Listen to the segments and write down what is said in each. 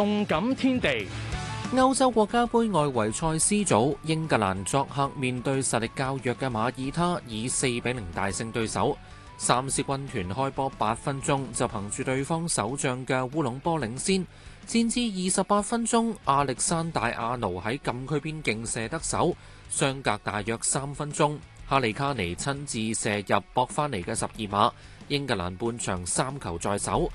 動感天地。歐洲國家盃外圍賽 C 組，英格蘭作客面對實力較弱嘅馬耳他，以四比零大勝對手。三獅軍團開波八分鐘就憑住對方守將嘅烏龍波領先，戰至二十八分鐘，亞歷山大阿奴喺禁區邊勁射得手，相隔大約三分鐘，哈利卡尼親自射入博翻嚟嘅十二碼，英格蘭半場三球在手。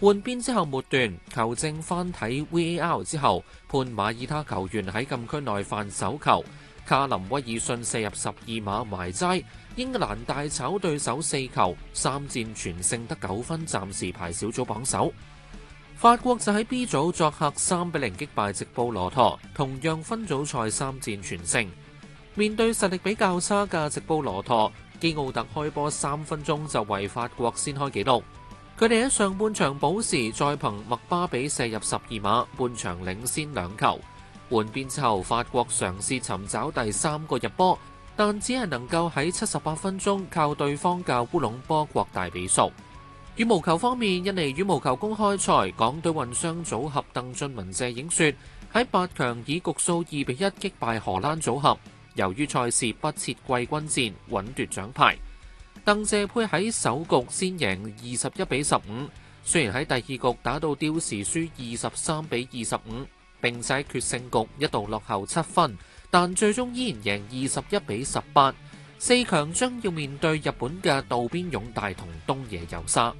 換邊之後末段，球證翻睇 VAR 之後，判馬耳他球員喺禁區內犯手球，卡林威爾遜射入十二碼埋齋，英格蘭大炒對手四球，三戰全勝得九分，暫時排小組榜首。法國就喺 B 組作客三比零擊敗直布羅陀，同樣分組賽三戰全勝。面對實力比較差嘅直布羅陀，基奧特開波三分鐘就為法國先開紀錄。佢哋喺上半場補時，再憑麥巴比射入十二碼，半場領先兩球。換邊之後，法國嘗試尋找第三個入波，但只係能夠喺七十八分鐘靠對方嘅烏龍波擴大比數。羽毛球方面，印尼羽毛球公開賽，港隊混雙組合鄧俊文、謝影雪喺八強以局數二比一擊敗荷蘭組合，由於賽事不設季軍戰，穩奪獎牌。鄧謝佩喺首局先贏二十一比十五，雖然喺第二局打到吊時輸二十三比二十五，並使決勝局一度落後七分，但最終依然贏二十一比十八。四強將要面對日本嘅渡邊勇大同東野有紗。